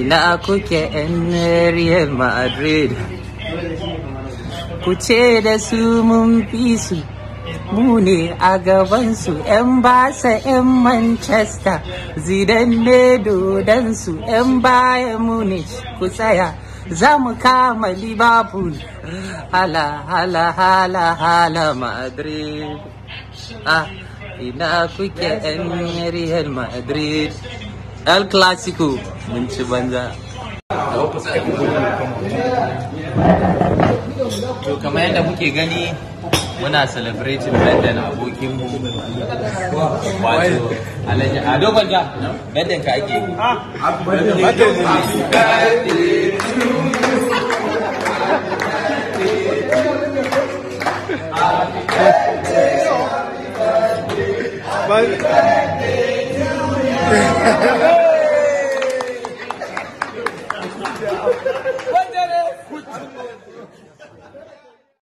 ina kuke yan Madrid ku ce da su mun fi su mu ne a gabansu 'yan basa 'yan manchester zidan ne su. 'yan baya munich ku tsaya za mu kama liverpool hala hala hala hala madrid ah ina kuke 'yan madrid el clasico mun ci banza to kamar yadda muke gani muna celebrating bedden abokinmu wato alhaji a dogon ka ake Happy ah, birthday to you.